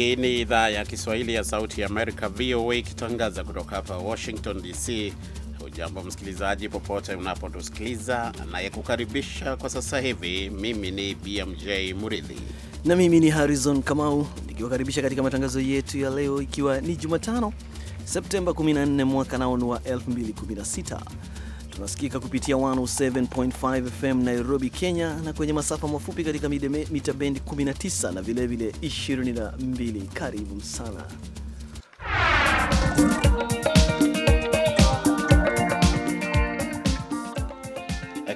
Hii ni idhaa ya Kiswahili ya Sauti ya Amerika, VOA, ikitangaza kutoka hapa Washington DC. Hujambo msikilizaji, popote unapotusikiliza. Anayekukaribisha kwa sasa hivi mimi ni BMJ Muridhi na mimi ni Harrison Kamau nikiwakaribisha katika matangazo yetu ya leo, ikiwa ni Jumatano Septemba 14 mwaka naonu wa 2016 tunasikika kupitia 107.5 FM Nairobi, Kenya, na kwenye masafa mafupi katika mita bendi 19 na vilevile 22. Karibu sana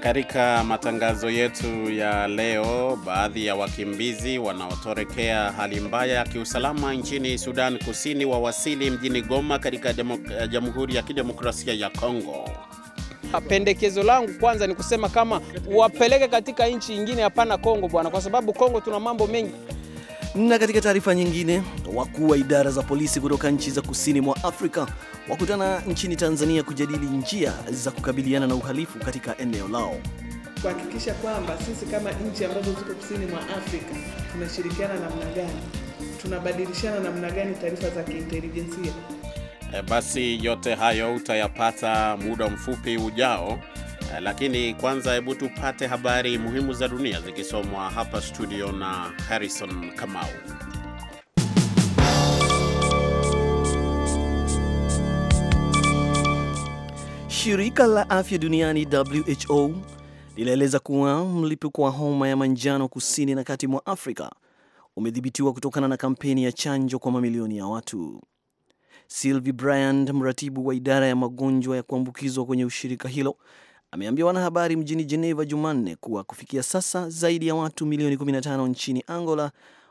katika matangazo yetu ya leo. Baadhi ya wakimbizi wanaotorekea hali mbaya ya kiusalama nchini Sudan Kusini wawasili mjini Goma katika Jamhuri ya Kidemokrasia ya Kongo. Ah, pendekezo langu kwanza ni kusema kama wapeleke katika nchi nyingine, hapana Kongo bwana, kwa sababu Kongo tuna mambo mengi. Na katika taarifa nyingine, wakuu wa idara za polisi kutoka nchi za kusini mwa Afrika wakutana nchini Tanzania kujadili njia za kukabiliana na uhalifu katika eneo lao kuhakikisha kwamba sisi kama nchi ambazo ziko kusini mwa Afrika tunashirikiana namna gani, tunabadilishana namna gani taarifa za kiintelijensia Eh, basi yote hayo utayapata muda mfupi ujao, eh, lakini kwanza, hebu tupate habari muhimu za dunia zikisomwa hapa studio na Harrison Kamau. Shirika la afya duniani WHO linaeleza kuwa mlipuko wa homa ya manjano kusini na kati mwa Afrika umedhibitiwa kutokana na kampeni ya chanjo kwa mamilioni ya watu. Sylvie Bryant, mratibu wa idara ya magonjwa ya kuambukizwa kwenye ushirika hilo, ameambia wanahabari mjini Geneva Jumanne kuwa kufikia sasa zaidi ya watu milioni 15 nchini Angola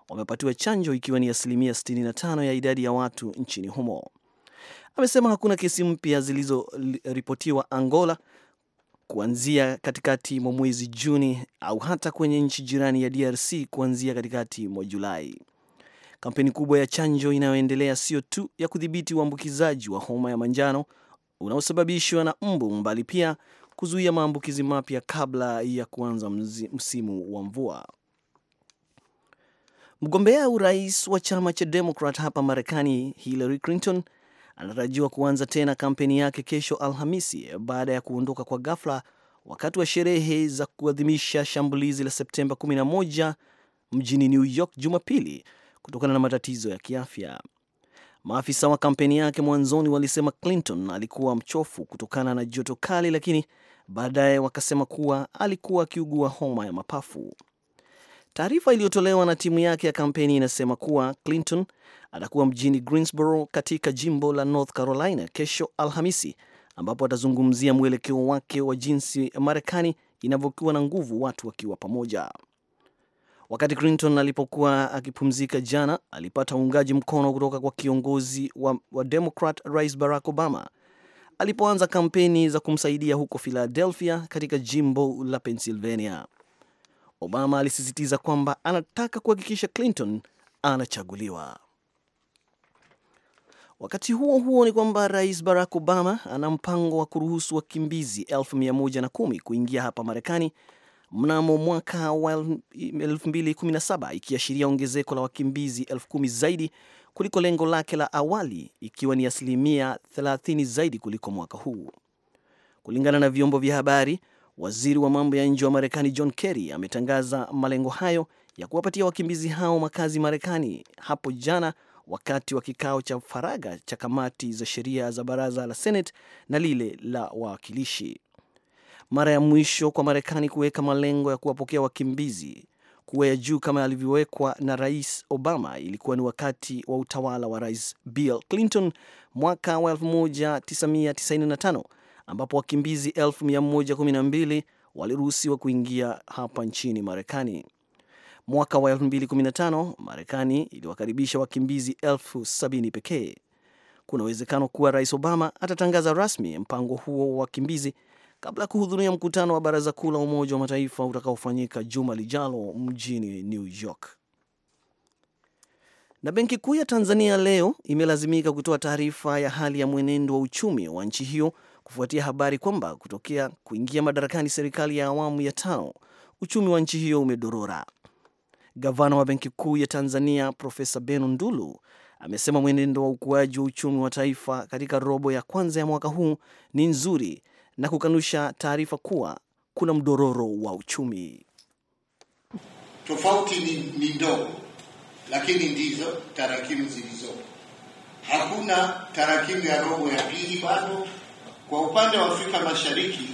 wamepatiwa chanjo ikiwa ni asilimia 65 ya idadi ya watu nchini humo. Amesema hakuna kesi mpya zilizoripotiwa Angola kuanzia katikati mwa mwezi Juni au hata kwenye nchi jirani ya DRC kuanzia katikati mwa Julai. Kampeni kubwa ya chanjo inayoendelea sio tu ya kudhibiti uambukizaji wa homa ya manjano unaosababishwa na mbu, mbali pia kuzuia maambukizi mapya kabla ya kuanza msimu wa mvua. Mgombea urais wa chama cha Demokrat hapa Marekani, Hillary Clinton anatarajiwa kuanza tena kampeni yake kesho Alhamisi baada ya kuondoka kwa ghafla wakati wa sherehe za kuadhimisha shambulizi la Septemba 11 mjini New York Jumapili kutokana na matatizo ya kiafya. Maafisa wa kampeni yake mwanzoni walisema Clinton alikuwa mchofu kutokana na joto kali, lakini baadaye wakasema kuwa alikuwa akiugua homa ya mapafu. Taarifa iliyotolewa na timu yake ya kampeni inasema kuwa Clinton atakuwa mjini Greensboro katika jimbo la North Carolina kesho Alhamisi, ambapo atazungumzia mwelekeo wake wa jinsi Marekani inavyokuwa na nguvu watu wakiwa pamoja. Wakati Clinton alipokuwa akipumzika jana, alipata uungaji mkono kutoka kwa kiongozi wa, wa Democrat Rais Barack Obama alipoanza kampeni za kumsaidia huko Philadelphia katika jimbo la Pennsylvania. Obama alisisitiza kwamba anataka kuhakikisha Clinton anachaguliwa. Wakati huo huo ni kwamba Rais Barack Obama ana mpango wa kuruhusu wakimbizi elfu kuingia hapa Marekani mnamo mwaka wa 2017 ikiashiria ongezeko la wakimbizi elfu kumi zaidi kuliko lengo lake la awali ikiwa ni asilimia 30 zaidi kuliko mwaka huu. Kulingana na vyombo vya habari, waziri wa mambo ya nje wa Marekani John Kerry ametangaza malengo hayo ya kuwapatia wakimbizi hao makazi Marekani hapo jana wakati wa kikao cha faraga cha kamati za sheria za baraza la Senate na lile la wawakilishi mara ya mwisho kwa Marekani kuweka malengo ya kuwapokea wakimbizi kuwa ya juu kama yalivyowekwa na Rais Obama ilikuwa ni wakati wa utawala wa Rais Bill Clinton mwaka wa 1995 ambapo wakimbizi 112 waliruhusiwa kuingia hapa nchini Marekani. Mwaka wa 2015 Marekani iliwakaribisha wakimbizi 70 pekee. Kuna uwezekano kuwa Rais Obama atatangaza rasmi mpango huo wa wakimbizi kabla ya kuhudhuria mkutano wa Baraza Kuu la Umoja wa Mataifa utakaofanyika juma lijalo mjini New York. Na Benki Kuu ya Tanzania leo imelazimika kutoa taarifa ya hali ya mwenendo wa uchumi wa nchi hiyo kufuatia habari kwamba kutokea kuingia madarakani serikali ya awamu ya tano uchumi wa nchi hiyo umedorora. Gavana wa Benki Kuu ya Tanzania Profesa benu Ndulu amesema mwenendo wa ukuaji wa uchumi wa taifa katika robo ya kwanza ya mwaka huu ni nzuri na kukanusha taarifa kuwa kuna mdororo wa uchumi. Tofauti ni, ni ndogo, lakini ndizo tarakimu zilizo. Hakuna tarakimu ya robo ya pili bado. Kwa upande wa Afrika Mashariki,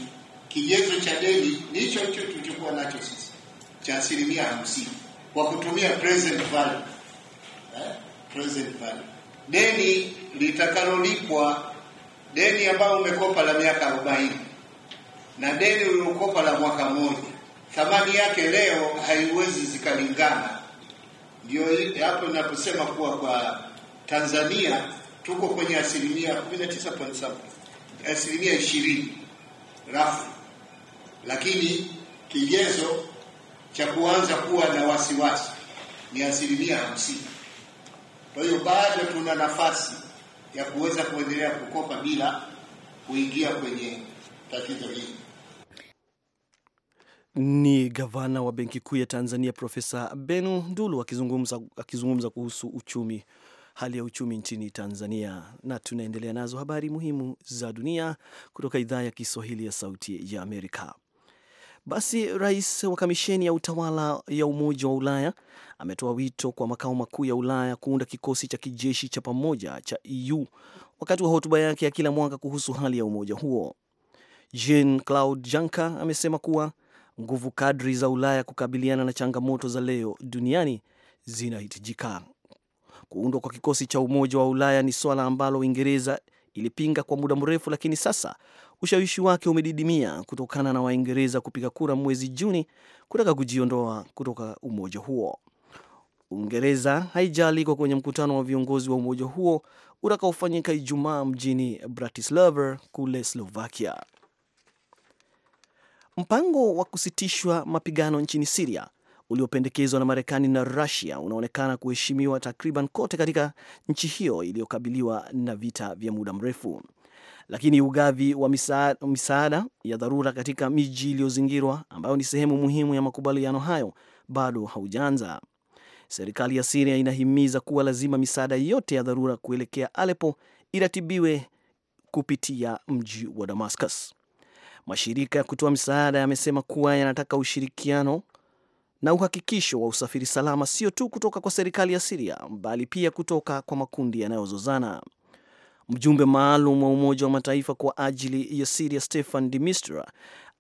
kigezo cha deni ni hicho hicho tulichokuwa nacho sisi cha asilimia hamsini kwa kutumia present value. Eh, present value deni litakalolipwa deni ambayo umekopa la miaka 40 na deni uliokopa la mwaka mmoja, thamani yake leo haiwezi zikalingana. Ndio hapo ninaposema kuwa kwa Tanzania tuko kwenye asilimia 19.7 asilimia 20 rafu, lakini kigezo cha kuanza kuwa na wasiwasi ni asilimia 50. Kwa hiyo bado tuna nafasi ya kuweza kuendelea kukopa bila kuingia kwenye tatizo hili. Ni gavana wa Benki Kuu ya Tanzania Profesa benu Ndulu akizungumza akizungumza kuhusu uchumi, hali ya uchumi nchini Tanzania. Na tunaendelea nazo habari muhimu za dunia kutoka idhaa ya Kiswahili ya Sauti ya Amerika. Basi rais wa kamisheni ya utawala ya Umoja wa Ulaya ametoa wito kwa makao makuu ya Ulaya kuunda kikosi cha kijeshi cha pamoja cha EU wakati wa hotuba yake ya kila mwaka kuhusu hali ya umoja huo. Jean Claude Juncker amesema kuwa nguvu kadri za Ulaya kukabiliana na changamoto za leo duniani zinahitajika. Kuundwa kwa kikosi cha Umoja wa Ulaya ni swala ambalo Uingereza ilipinga kwa muda mrefu, lakini sasa ushawishi wake umedidimia kutokana na Waingereza kupiga kura mwezi Juni kutaka kujiondoa kutoka umoja huo. Uingereza haijaalikwa kwenye mkutano wa viongozi wa umoja huo utakaofanyika Ijumaa mjini Bratislava kule Slovakia. Mpango wa kusitishwa mapigano nchini Siria uliopendekezwa na Marekani na Rusia unaonekana kuheshimiwa takriban kote katika nchi hiyo iliyokabiliwa na vita vya muda mrefu, lakini ugavi wa misaada, misaada ya dharura katika miji iliyozingirwa ambayo ni sehemu muhimu ya makubaliano hayo bado haujaanza. Serikali ya Siria inahimiza kuwa lazima misaada yote ya dharura kuelekea Alepo iratibiwe kupitia mji wa Damascus. Mashirika ya kutoa misaada yamesema kuwa yanataka ushirikiano na uhakikisho wa usafiri salama, sio tu kutoka kwa serikali ya Siria bali pia kutoka kwa makundi yanayozozana. Mjumbe maalum wa Umoja wa Mataifa kwa ajili ya Siria Stefan de Mistura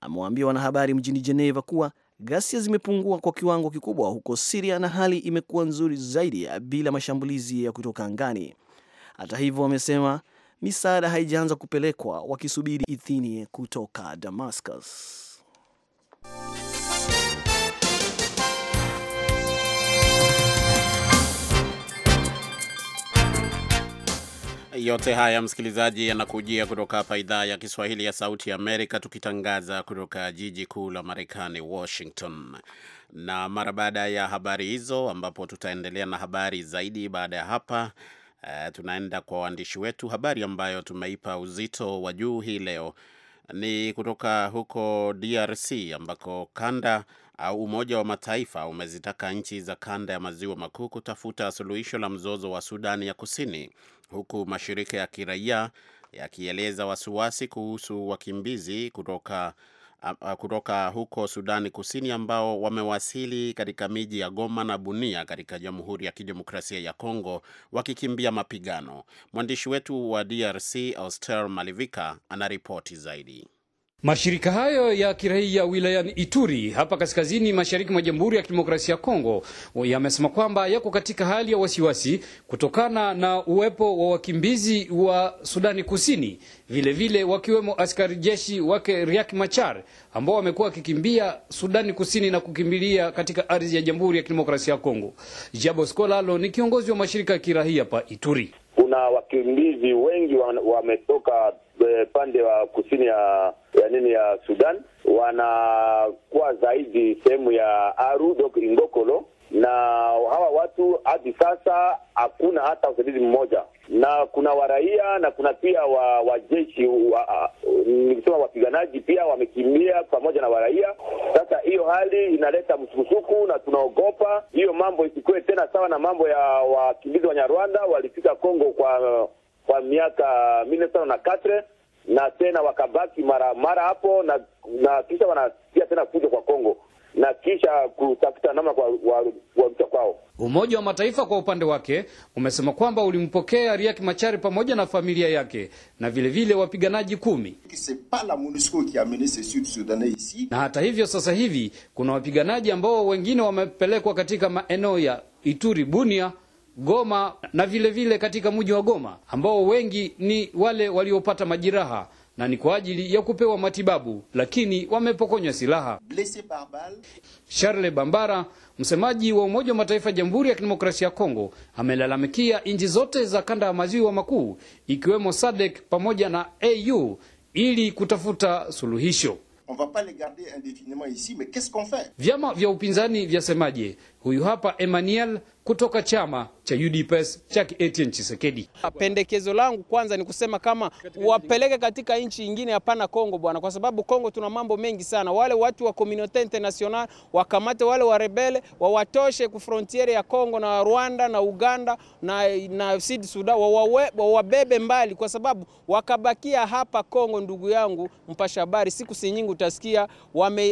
amewaambia wanahabari mjini Jeneva kuwa ghasia zimepungua kwa kiwango kikubwa huko Siria na hali imekuwa nzuri zaidi bila mashambulizi ya kutoka angani. Hata hivyo, wamesema misaada haijaanza kupelekwa, wakisubiri idhini kutoka Damascus. Yote haya msikilizaji, yanakujia kutoka hapa idhaa ya Kiswahili ya Sauti ya Amerika, tukitangaza kutoka jiji kuu la Marekani, Washington. Na mara baada ya habari hizo, ambapo tutaendelea na habari zaidi baada ya hapa, uh, tunaenda kwa waandishi wetu. Habari ambayo tumeipa uzito wa juu hii leo ni kutoka huko DRC ambako kanda au Umoja wa Mataifa umezitaka nchi za kanda ya maziwa makuu kutafuta suluhisho la mzozo wa Sudani ya Kusini, huku mashirika ya kiraia yakieleza wasiwasi kuhusu wakimbizi kutoka kutoka huko Sudani Kusini ambao wamewasili katika miji ya Goma na Bunia katika Jamhuri ya Kidemokrasia ya Kongo wakikimbia mapigano. Mwandishi wetu wa DRC Auster Malivika anaripoti zaidi. Mashirika hayo ya kiraia wilayani Ituri hapa kaskazini mashariki mwa Jamhuri ya Kidemokrasia ya Kongo yamesema kwamba yako katika hali ya wasiwasi kutokana na uwepo wa wakimbizi wa Sudani Kusini, vilevile vile wakiwemo askari jeshi wake riak Machar ambao wamekuwa wakikimbia Sudani Kusini na kukimbilia katika ardhi ya Jamhuri ya Kidemokrasia ya Kongo. Jabo Skolalo ni kiongozi wa mashirika ya kiraia hapa Ituri. Kuna wakimbizi wengi wametoka wa eh, pande wa kusini ya ya nini ya Sudan wanakuwa zaidi sehemu ya Aru dok Ingokolo, na hawa watu hadi sasa hakuna hata usaidizi mmoja, na kuna waraia na kuna pia wa wajeshi wa, nikisema wapiganaji pia wamekimbia pamoja na waraia. Sasa hiyo hali inaleta msukusuku, na tunaogopa hiyo mambo isikuwe tena sawa na mambo ya wakimbizi Wanyarwanda walifika Kongo kwa kwa miaka mine tano na katre na tena wakabaki mara mara hapo na, na kisha wanatia tena kuja kwa Kongo na kisha kutafuta namna kwa kuwarudisha kwao. Umoja wa Mataifa kwa upande wake umesema kwamba ulimpokea Riek Machari pamoja na familia yake na vilevile vile wapiganaji kumi. Na hata hivyo sasa hivi kuna wapiganaji ambao wengine wamepelekwa katika maeneo ya Ituri, Bunia Goma na vile vile katika mji wa Goma ambao wengi ni wale waliopata majeraha na ni kwa ajili ya kupewa matibabu, lakini wamepokonywa silaha. Charles Bambara, msemaji wa Umoja wa Mataifa Jamhuri ya Kidemokrasia ya Kongo, amelalamikia nchi zote za kanda ya maziwa makuu ikiwemo SADC pamoja na AU ili kutafuta suluhisho. On va pas les garder indéfiniment ici, mais qu'est-ce qu'on fait? Vyama vya upinzani vyasemaje? Huyu hapa Emmanuel kutoka chama cha UDPS cha Etienne Chisekedi. Pendekezo langu kwanza ni kusema kama wapeleke katika nchi nyingine, hapana Kongo bwana, kwa sababu Kongo tuna mambo mengi sana. Wale watu wa communauté international wakamate wale warebele, wawatoshe ku frontiere ya Kongo na Rwanda na Uganda na, na Sud Sudan, wawabebe mbali, kwa sababu wakabakia hapa Kongo, ndugu yangu mpasha habari, siku si nyingi utasikia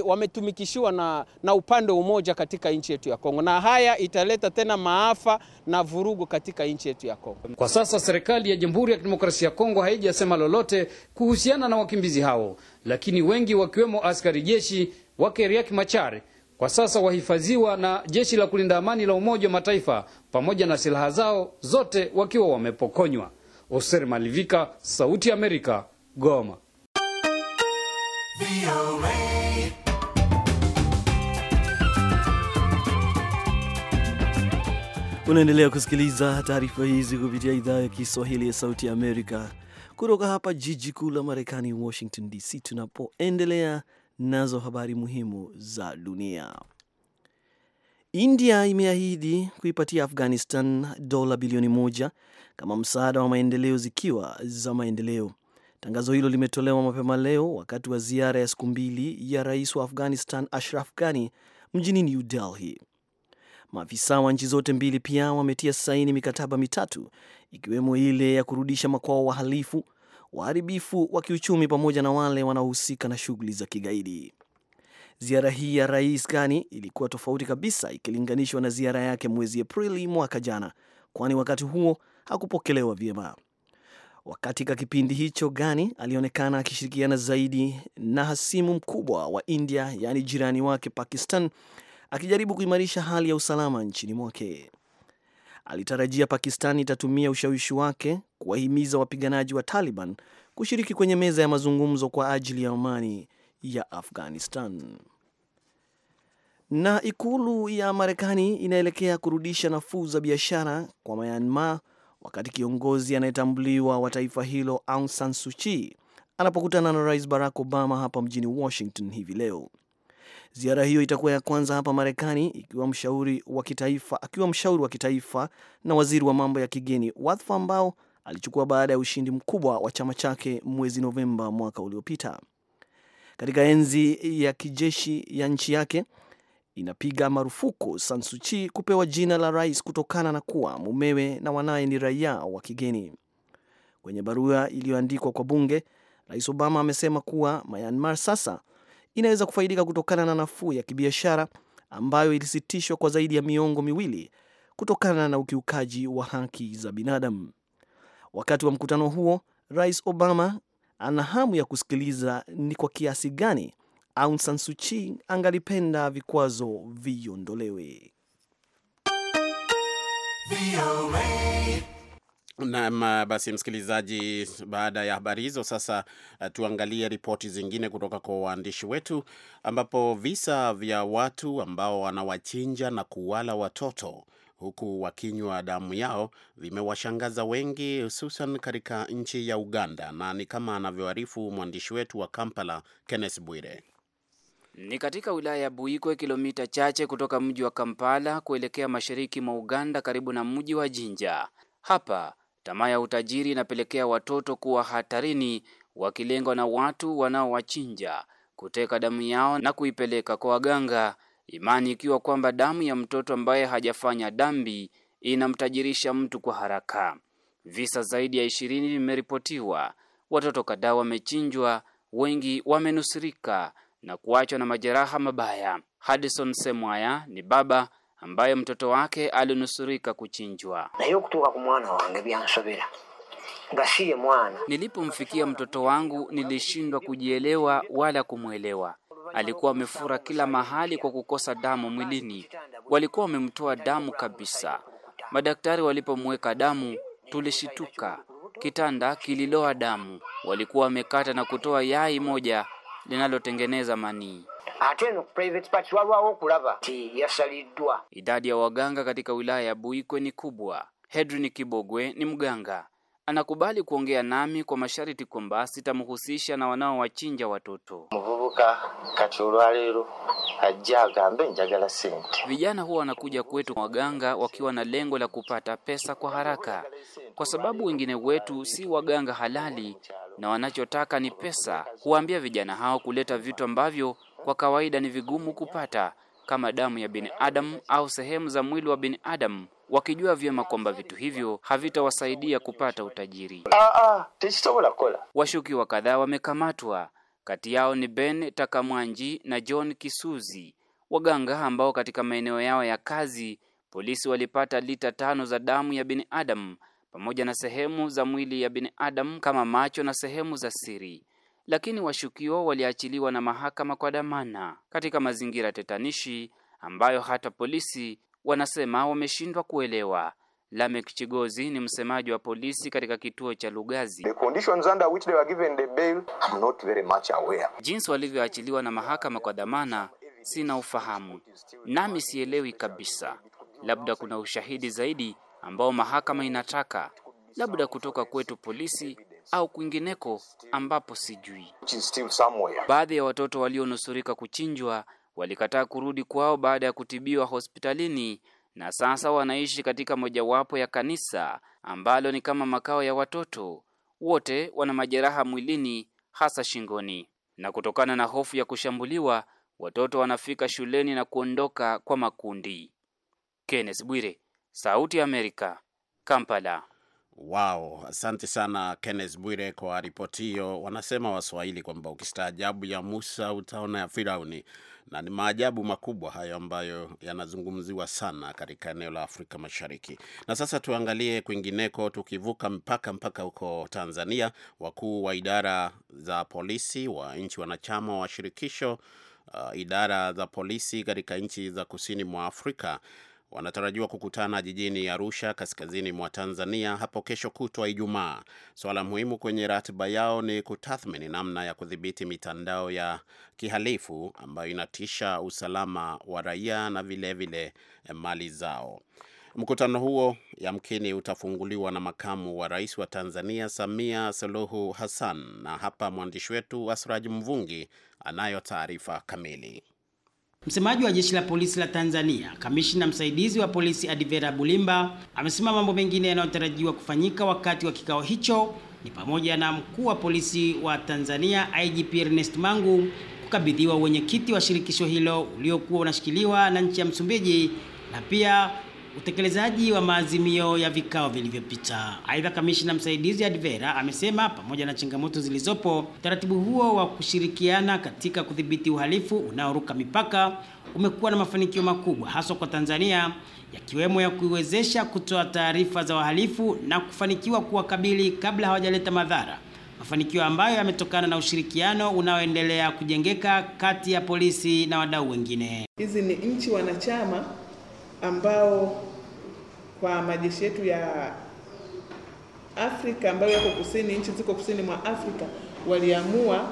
wametumikishiwa wame na, na upande umoja katika nchi yetu ya Kongo. Kongo, na haya italeta tena maafa na vurugu katika nchi yetu ya Kongo. Kwa sasa serikali ya Jamhuri ya Kidemokrasia ya Kongo haijasema lolote kuhusiana na wakimbizi hao, lakini wengi wakiwemo askari jeshi wake Riek Machar kwa sasa wahifadhiwa na jeshi la kulinda amani la Umoja wa Mataifa pamoja na silaha zao zote wakiwa wamepokonywa. Oser Malivika, Sauti ya Amerika, Goma. Unaendelea kusikiliza taarifa hizi kupitia idhaa ya Kiswahili ya Sauti ya Amerika kutoka hapa jiji kuu la Marekani, Washington DC, tunapoendelea nazo habari muhimu za dunia. India imeahidi kuipatia Afghanistan dola bilioni moja kama msaada wa maendeleo zikiwa za maendeleo. Tangazo hilo limetolewa mapema leo wakati wa ziara ya siku mbili ya rais wa Afghanistan Ashraf Ghani mjini New Delhi. Maafisa wa nchi zote mbili pia wametia saini mikataba mitatu ikiwemo ile ya kurudisha makwao wahalifu, waharibifu wa kiuchumi pamoja na wale wanaohusika na shughuli za kigaidi. Ziara hii ya Rais gani ilikuwa tofauti kabisa ikilinganishwa na ziara yake mwezi Aprili mwaka jana, kwani wakati huo hakupokelewa vyema. ka kipindi hicho Gani alionekana akishirikiana zaidi na hasimu mkubwa wa India, yaani jirani wake Pakistan, akijaribu kuimarisha hali ya usalama nchini mwake. Alitarajia pakistani itatumia ushawishi wake kuwahimiza wapiganaji wa Taliban kushiriki kwenye meza ya mazungumzo kwa ajili ya amani ya Afghanistan. Na ikulu ya Marekani inaelekea kurudisha nafuu za biashara kwa Myanmar wakati kiongozi anayetambuliwa wa taifa hilo Aung San Suu Kyi anapokutana na Rais Barack Obama hapa mjini Washington hivi leo. Ziara hiyo itakuwa ya kwanza hapa Marekani ikiwa mshauri wa kitaifa, akiwa mshauri wa kitaifa na waziri wa mambo ya kigeni, wadhifa ambao alichukua baada ya ushindi mkubwa wa chama chake mwezi Novemba mwaka uliopita. Katika enzi ya kijeshi ya nchi yake inapiga marufuku Sansuchi kupewa jina la rais kutokana na kuwa mumewe na wanaye ni raia wa kigeni. Kwenye barua iliyoandikwa kwa bunge, Rais Obama amesema kuwa Myanmar sasa inaweza kufaidika kutokana na nafuu ya kibiashara ambayo ilisitishwa kwa zaidi ya miongo miwili kutokana na ukiukaji wa haki za binadamu. Wakati wa mkutano huo, Rais Obama ana hamu ya kusikiliza ni kwa kiasi gani Aung San Suu Kyi angalipenda vikwazo viondolewe. Naam, ah, basi msikilizaji, baada ya habari hizo sasa, uh, tuangalie ripoti zingine kutoka kwa waandishi wetu, ambapo visa vya watu ambao wanawachinja na kuwala watoto huku wakinywa damu yao vimewashangaza wengi, hususan katika nchi ya Uganda, na ni kama anavyoarifu mwandishi wetu wa Kampala, Kenneth Bwire. Ni katika wilaya ya Buikwe, kilomita chache kutoka mji wa Kampala kuelekea mashariki mwa Uganda, karibu na mji wa Jinja. Hapa Tamaa ya utajiri inapelekea watoto kuwa hatarini, wakilengwa na watu wanaowachinja, kuteka damu yao na kuipeleka kwa waganga, imani ikiwa kwamba damu ya mtoto ambaye hajafanya dhambi inamtajirisha mtu kwa haraka. Visa zaidi ya ishirini vimeripotiwa. Watoto kadhaa wamechinjwa, wengi wamenusurika na kuachwa na majeraha mabaya. Hadison Semwaya ni baba ambaye mtoto wake alinusurika kuchinjwa. nayo kutoka ku mwana wange byansobera ngasiye mwana. Nilipomfikia mtoto wangu nilishindwa kujielewa wala kumwelewa. Alikuwa amefura kila mahali kwa kukosa damu mwilini, walikuwa wamemtoa damu kabisa. Madaktari walipomweka damu tulishituka, kitanda kililoa damu. Walikuwa wamekata na kutoa yai moja linalotengeneza manii ate private party walwawo okulaba nti yasaliddwa. Idadi ya waganga katika wilaya ya Buikwe ni kubwa. Hedrin Kibogwe ni mganga, anakubali kuongea nami kwa masharti kwamba sitamhusisha na wanaowachinja watoto. Mvubuka kati olwaleero ajja agambe njagala sente. Vijana huwa wanakuja kwetu waganga wakiwa na lengo la kupata pesa kwa haraka, kwa sababu wengine wetu si waganga halali na wanachotaka ni pesa. Huwaambia vijana hao kuleta vitu ambavyo kwa kawaida ni vigumu kupata kama damu ya binadamu au sehemu za mwili wa binadamu, wakijua vyema kwamba vitu hivyo havitawasaidia kupata utajiri. Ah, ah, Washukiwa kadhaa wamekamatwa, kati yao ni Ben Takamwanji na John Kisuzi, waganga ambao katika maeneo yao ya kazi polisi walipata lita tano za damu ya binadamu pamoja na sehemu za mwili ya binadamu kama macho na sehemu za siri lakini washukiwa waliachiliwa na mahakama kwa dhamana katika mazingira tetanishi ambayo hata polisi wanasema wameshindwa kuelewa. Lamek Chigozi ni msemaji wa polisi katika kituo cha Lugazi. Jinsi walivyoachiliwa na mahakama kwa dhamana sina ufahamu, nami sielewi kabisa. Labda kuna ushahidi zaidi ambao mahakama inataka, labda kutoka kwetu polisi au kwingineko ambapo sijui. Baadhi ya watoto walionusurika kuchinjwa walikataa kurudi kwao baada ya kutibiwa hospitalini na sasa wanaishi katika mojawapo ya kanisa ambalo ni kama makao ya watoto. Wote wana majeraha mwilini, hasa shingoni, na kutokana na hofu ya kushambuliwa watoto wanafika shuleni na kuondoka kwa makundi. Kenneth Bwire, Sauti ya Amerika, Kampala. Wow, asante sana Kenneth Bwire kwa ripoti hiyo. Wanasema Waswahili kwamba ukistaajabu ya Musa utaona ya Firauni, na ni maajabu makubwa hayo ambayo yanazungumziwa sana katika eneo la Afrika Mashariki. Na sasa tuangalie kwingineko, tukivuka mpaka mpaka huko Tanzania, wakuu wa idara za polisi wa nchi wanachama wa shirikisho Uh, idara za polisi katika nchi za kusini mwa Afrika wanatarajiwa kukutana jijini Arusha, kaskazini mwa Tanzania hapo kesho kutwa Ijumaa. Swala muhimu kwenye ratiba yao ni kutathmini namna ya kudhibiti mitandao ya kihalifu ambayo inatisha usalama wa raia na vilevile vile eh, mali zao. Mkutano huo yamkini utafunguliwa na makamu wa rais wa Tanzania Samia Suluhu Hassan, na hapa mwandishi wetu Asraj Mvungi anayo taarifa kamili. Msemaji wa jeshi la polisi la Tanzania, kamishna msaidizi wa polisi Adivera Bulimba, amesema mambo mengine yanayotarajiwa kufanyika wakati wa kikao hicho ni pamoja na mkuu wa polisi wa Tanzania IGP Ernest Mangu kukabidhiwa uwenyekiti wa shirikisho hilo uliokuwa unashikiliwa na nchi ya Msumbiji na pia utekelezaji wa maazimio ya vikao vilivyopita. Aidha, kamishina msaidizi Advera amesema pamoja na changamoto zilizopo, utaratibu huo wa kushirikiana katika kudhibiti uhalifu unaoruka mipaka umekuwa na mafanikio makubwa haswa kwa Tanzania, yakiwemo ya kuiwezesha kutoa taarifa za wahalifu na kufanikiwa kuwakabili kabla hawajaleta madhara, mafanikio ambayo yametokana na ushirikiano unaoendelea kujengeka kati ya polisi na wadau wengine. Hizi ni nchi wanachama ambao kwa majeshi yetu ya Afrika ambayo yako kusini, nchi ziko kusini mwa Afrika waliamua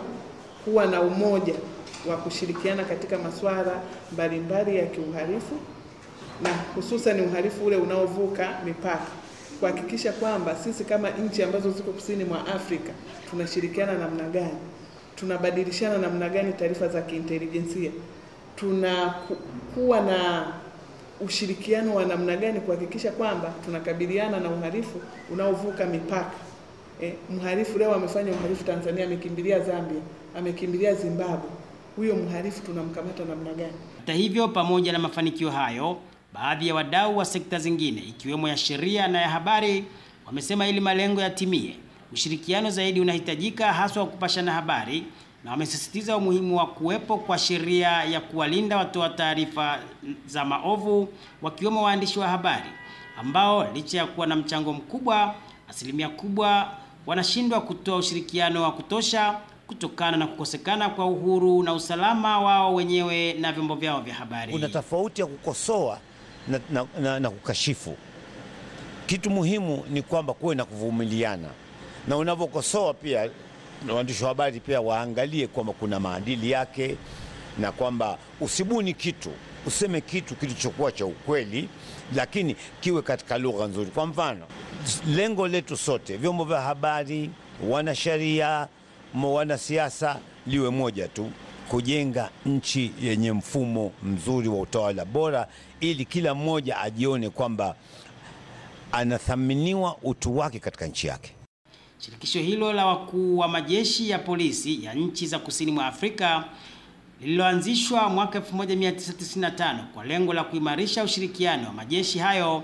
kuwa na umoja wa kushirikiana katika masuala mbalimbali ya kiuhalifu na hususan uhalifu ule unaovuka mipaka, kuhakikisha kwamba sisi kama nchi ambazo ziko kusini mwa Afrika tunashirikiana namna gani, tunabadilishana namna gani taarifa za kiintelijensia, tunakuwa na ushirikiano wa namna gani kuhakikisha kwamba tunakabiliana na uhalifu unaovuka mipaka. Eh, mhalifu leo amefanya uhalifu Tanzania, amekimbilia Zambia, amekimbilia Zimbabwe. Huyo mhalifu tunamkamata namna gani? Hata hivyo, pamoja na mafanikio hayo, baadhi ya wadau wa sekta zingine ikiwemo ya sheria na ya habari wamesema ili malengo yatimie, ushirikiano zaidi unahitajika, haswa wa kupashana habari na wamesisitiza umuhimu wa kuwepo kwa sheria ya kuwalinda watoa taarifa za maovu wakiwemo waandishi wa habari ambao licha ya kuwa na mchango mkubwa, asilimia kubwa wanashindwa kutoa ushirikiano wa kutosha kutokana na kukosekana kwa uhuru na usalama wao wenyewe na vyombo vyao vya habari. Kuna tofauti ya kukosoa na, na, na, na kukashifu. Kitu muhimu ni kwamba kuwe na kuvumiliana na unavyokosoa pia na waandishi wa habari pia waangalie kwamba kuna maadili yake, na kwamba usibuni kitu, useme kitu kilichokuwa cha ukweli, lakini kiwe katika lugha nzuri. Kwa mfano, lengo letu sote, vyombo vya habari, wanasheria, wanasiasa, liwe moja tu kujenga nchi yenye mfumo mzuri wa utawala bora, ili kila mmoja ajione kwamba anathaminiwa utu wake katika nchi yake. Shirikisho hilo la wakuu wa majeshi ya polisi ya nchi za kusini mwa Afrika lililoanzishwa mwaka 1995 kwa lengo la kuimarisha ushirikiano wa majeshi hayo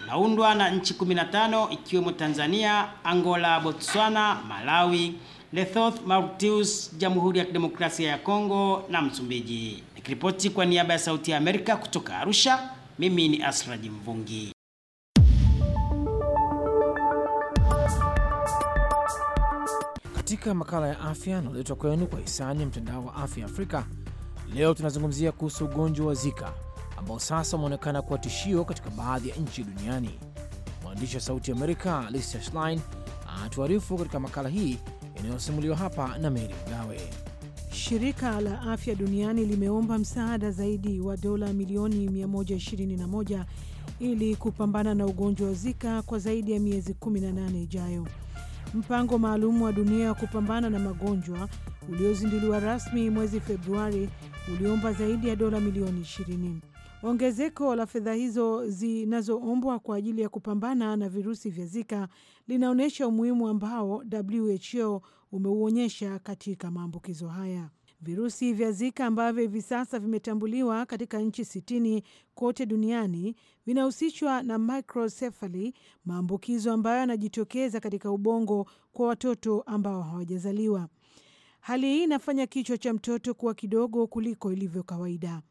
unaundwa na nchi 15 ikiwemo Tanzania, Angola, Botswana, Malawi, Lesotho, Mauritius, Jamhuri ya Kidemokrasia ya Kongo na Msumbiji. Nikiripoti kwa niaba ya Sauti ya Amerika kutoka Arusha, mimi ni Asraji Mvungi. Katika makala ya afya naoletwa kwenu kwa hisani ya mtandao wa afya Afrika, leo tunazungumzia kuhusu ugonjwa wa Zika ambao sasa umeonekana kuwa tishio katika baadhi ya nchi duniani. Mwandishi wa Sauti Amerika Lisa Schlein anatuarifu katika makala hii inayosimuliwa hapa na Meri Mgawe. Shirika la Afya Duniani limeomba msaada zaidi wa dola milioni 121 ili kupambana na ugonjwa wa Zika kwa zaidi ya miezi 18 ijayo mpango maalum wa dunia wa kupambana na magonjwa uliozinduliwa rasmi mwezi Februari uliomba zaidi ya dola milioni 20. Ongezeko la fedha hizo zinazoombwa kwa ajili ya kupambana na virusi vya Zika linaonyesha umuhimu ambao WHO umeuonyesha katika maambukizo haya. Virusi vya Zika ambavyo hivi sasa vimetambuliwa katika nchi sitini kote duniani vinahusishwa na microcephaly, maambukizo ambayo yanajitokeza katika ubongo kwa watoto ambao hawajazaliwa. Hali hii inafanya kichwa cha mtoto kuwa kidogo kuliko ilivyo kawaida.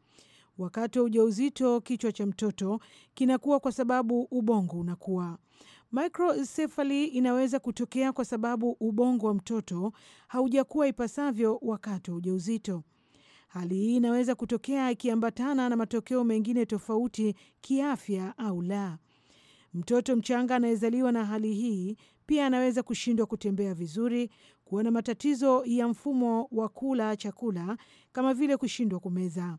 Wakati wa ujauzito, kichwa cha mtoto kinakuwa kwa sababu ubongo unakuwa. Microcephaly inaweza kutokea kwa sababu ubongo wa mtoto haujakuwa ipasavyo wakati wa ujauzito. Hali hii inaweza kutokea ikiambatana na matokeo mengine tofauti kiafya au la. Mtoto mchanga anayezaliwa na hali hii pia anaweza kushindwa kutembea vizuri, kuwa na matatizo ya mfumo wa kula chakula kama vile kushindwa kumeza,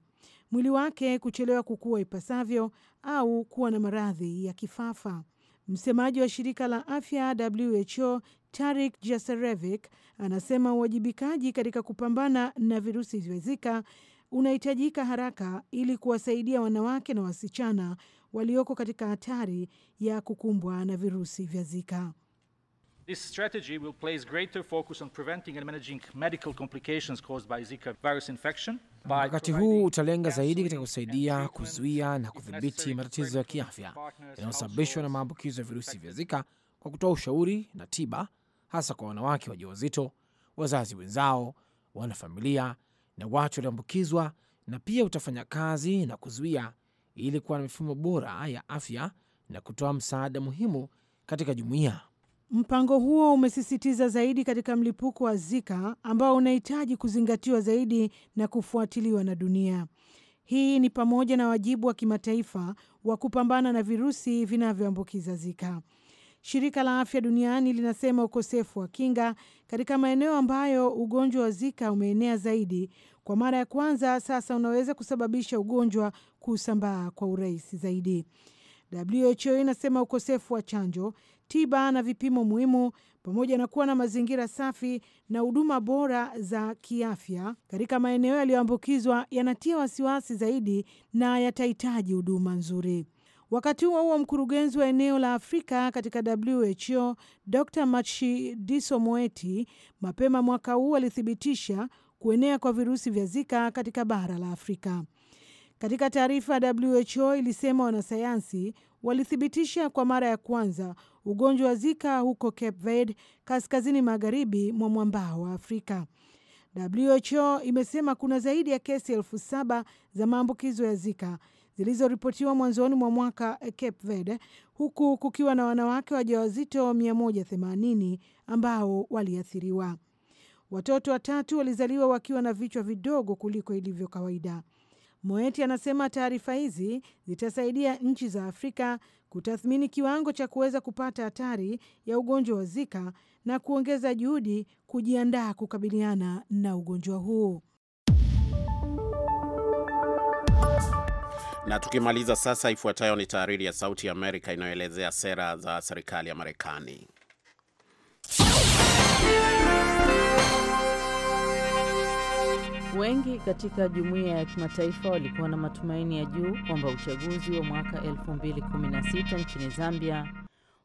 mwili wake kuchelewa kukua ipasavyo, au kuwa na maradhi ya kifafa. Msemaji wa shirika la afya WHO Tarik jaserevic anasema uwajibikaji katika kupambana na virusi vya Zika unahitajika haraka ili kuwasaidia wanawake na wasichana walioko katika hatari ya kukumbwa na virusi vya Zika. This strategy will place greater focus on preventing and managing medical complications caused by Zika virus infection. Wakati huu utalenga zaidi katika kusaidia kuzuia na kudhibiti matatizo ya kiafya yanayosababishwa na maambukizo ya virusi vya Zika kwa kutoa ushauri na tiba, hasa kwa wanawake wajawazito, wazazi wenzao, wanafamilia na watu walioambukizwa, na pia utafanya kazi na kuzuia ili kuwa na mifumo bora ya afya na kutoa msaada muhimu katika jumuiya. Mpango huo umesisitiza zaidi katika mlipuko wa Zika ambao unahitaji kuzingatiwa zaidi na kufuatiliwa na dunia. Hii ni pamoja na wajibu wa kimataifa wa kupambana na virusi vinavyoambukiza Zika. Shirika la Afya Duniani linasema ukosefu wa kinga katika maeneo ambayo ugonjwa wa Zika umeenea zaidi kwa mara ya kwanza sasa unaweza kusababisha ugonjwa kusambaa kwa urahisi zaidi. WHO inasema ukosefu wa chanjo tiba na vipimo muhimu, pamoja na kuwa na mazingira safi na huduma bora za kiafya katika maeneo yaliyoambukizwa yanatia wasiwasi zaidi na yatahitaji huduma nzuri. Wakati huo huo, mkurugenzi wa eneo la Afrika katika WHO Dr Matshidiso Moeti mapema mwaka huu alithibitisha kuenea kwa virusi vya Zika katika bara la Afrika. Katika taarifa, WHO ilisema wanasayansi walithibitisha kwa mara ya kwanza ugonjwa wa Zika huko Cape Verde, kaskazini magharibi mwa mwambao wa Afrika. WHO imesema kuna zaidi ya kesi elfu saba za maambukizo ya Zika zilizoripotiwa mwanzoni mwa mwaka eh, Cape Verde, huku kukiwa na wanawake wajawazito 180 ambao waliathiriwa. Watoto watatu walizaliwa wakiwa na vichwa vidogo kuliko ilivyo kawaida. Moeti anasema taarifa hizi zitasaidia nchi za Afrika kutathmini kiwango cha kuweza kupata hatari ya ugonjwa wa Zika na kuongeza juhudi kujiandaa kukabiliana na ugonjwa huu. Na tukimaliza sasa, ifuatayo ni tahariri ya Sauti ya Amerika inayoelezea sera za serikali ya Marekani. Wengi katika jumuiya ya kimataifa walikuwa na matumaini ya juu kwamba uchaguzi wa mwaka 2016 nchini Zambia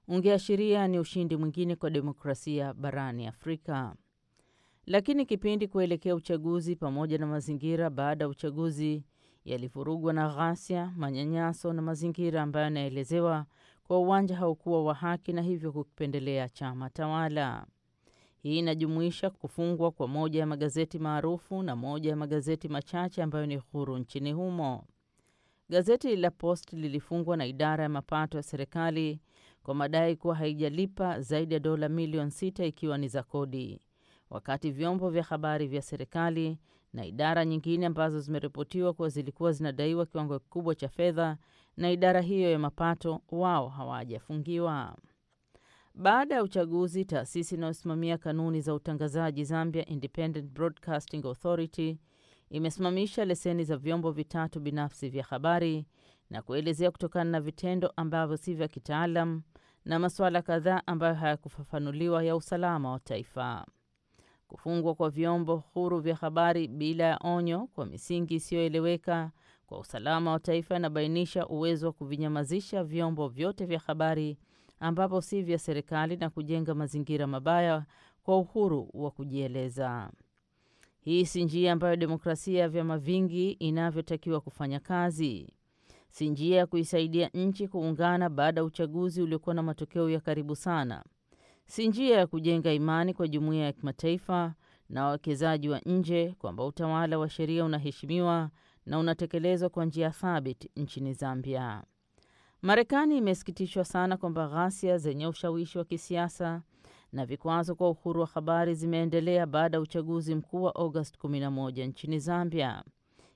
ungeashiria ni ushindi mwingine kwa demokrasia barani Afrika. Lakini kipindi kuelekea uchaguzi pamoja na mazingira baada ya uchaguzi yalivurugwa na ghasia, manyanyaso na mazingira ambayo yanaelezewa kwa uwanja haukuwa wa haki na hivyo kukipendelea chama tawala. Hii inajumuisha kufungwa kwa moja ya magazeti maarufu na moja ya magazeti machache ambayo ni huru nchini humo. Gazeti la Post lilifungwa na idara ya mapato ya serikali kwa madai kuwa haijalipa zaidi ya dola milioni sita ikiwa ni za kodi, wakati vyombo vya habari vya serikali na idara nyingine ambazo zimeripotiwa kuwa zilikuwa zinadaiwa kiwango kikubwa cha fedha na idara hiyo ya mapato, wao hawajafungiwa. Baada ya uchaguzi, taasisi inayosimamia kanuni za utangazaji Zambia Independent Broadcasting Authority imesimamisha leseni za vyombo vitatu binafsi vya habari na kuelezea kutokana na vitendo ambavyo si vya kitaalam na masuala kadhaa ambayo hayakufafanuliwa ya usalama wa taifa. Kufungwa kwa vyombo huru vya habari bila ya onyo kwa misingi isiyoeleweka kwa usalama wa taifa inabainisha uwezo wa kuvinyamazisha vyombo vyote vya habari ambapo si vya serikali na kujenga mazingira mabaya kwa uhuru wa kujieleza. Hii si njia ambayo demokrasia ya vyama vingi inavyotakiwa kufanya kazi. Si njia ya kuisaidia nchi kuungana baada ya uchaguzi uliokuwa na matokeo ya karibu sana. Si njia ya kujenga imani kwa jumuiya ya kimataifa na wawekezaji wa nje kwamba utawala wa sheria unaheshimiwa na unatekelezwa kwa njia thabiti nchini Zambia. Marekani imesikitishwa sana kwamba ghasia zenye ushawishi wa kisiasa na vikwazo kwa uhuru wa habari zimeendelea baada ya uchaguzi mkuu wa Agosti 11 nchini Zambia,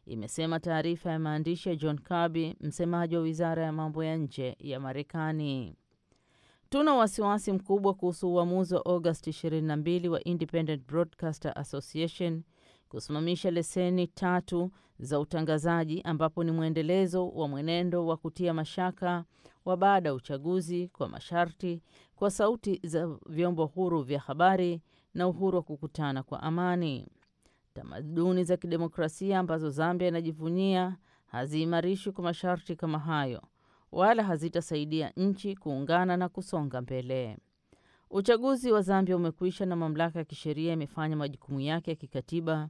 imesema taarifa ya maandishi ya John Kirby, msemaji wa wizara ya mambo ya nje ya Marekani. Tuna wasiwasi mkubwa kuhusu uamuzi wa Agosti 22 wa Independent Broadcaster Association kusimamisha leseni tatu za utangazaji ambapo ni mwendelezo wa mwenendo wa kutia mashaka wa baada ya uchaguzi kwa masharti kwa sauti za vyombo huru vya habari na uhuru wa kukutana kwa amani. Tamaduni za kidemokrasia ambazo Zambia inajivunia haziimarishwi kwa masharti kama hayo, wala hazitasaidia nchi kuungana na kusonga mbele. Uchaguzi wa Zambia umekwisha na mamlaka ya kisheria imefanya majukumu yake ya kikatiba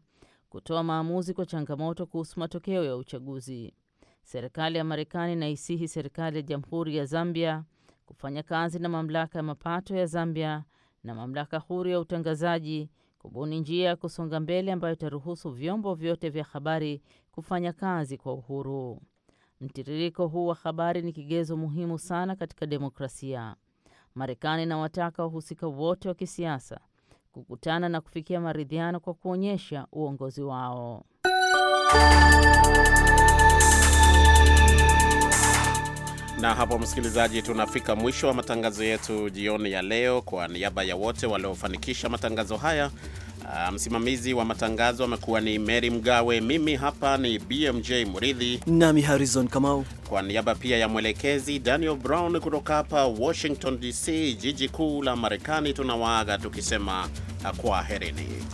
kutoa maamuzi kwa changamoto kuhusu matokeo ya uchaguzi. Serikali ya Marekani inaisihi serikali ya Jamhuri ya Zambia kufanya kazi na mamlaka ya mapato ya Zambia na mamlaka huru ya utangazaji kubuni njia ya kusonga mbele ambayo itaruhusu vyombo vyote vya habari kufanya kazi kwa uhuru. Mtiririko huu wa habari ni kigezo muhimu sana katika demokrasia. Marekani inawataka wahusika wote wa kisiasa kukutana na kufikia maridhiano kwa kuonyesha uongozi wao. Na hapo msikilizaji, tunafika mwisho wa matangazo yetu jioni ya leo. Kwa niaba ya wote waliofanikisha matangazo haya, Uh, msimamizi wa matangazo amekuwa ni Mary Mgawe. Mimi hapa ni BMJ Muridhi nami Harrison Kamau, kwa niaba pia ya mwelekezi Daniel Brown kutoka hapa Washington DC, jiji kuu la Marekani. Tunawaaga tukisema kwa herini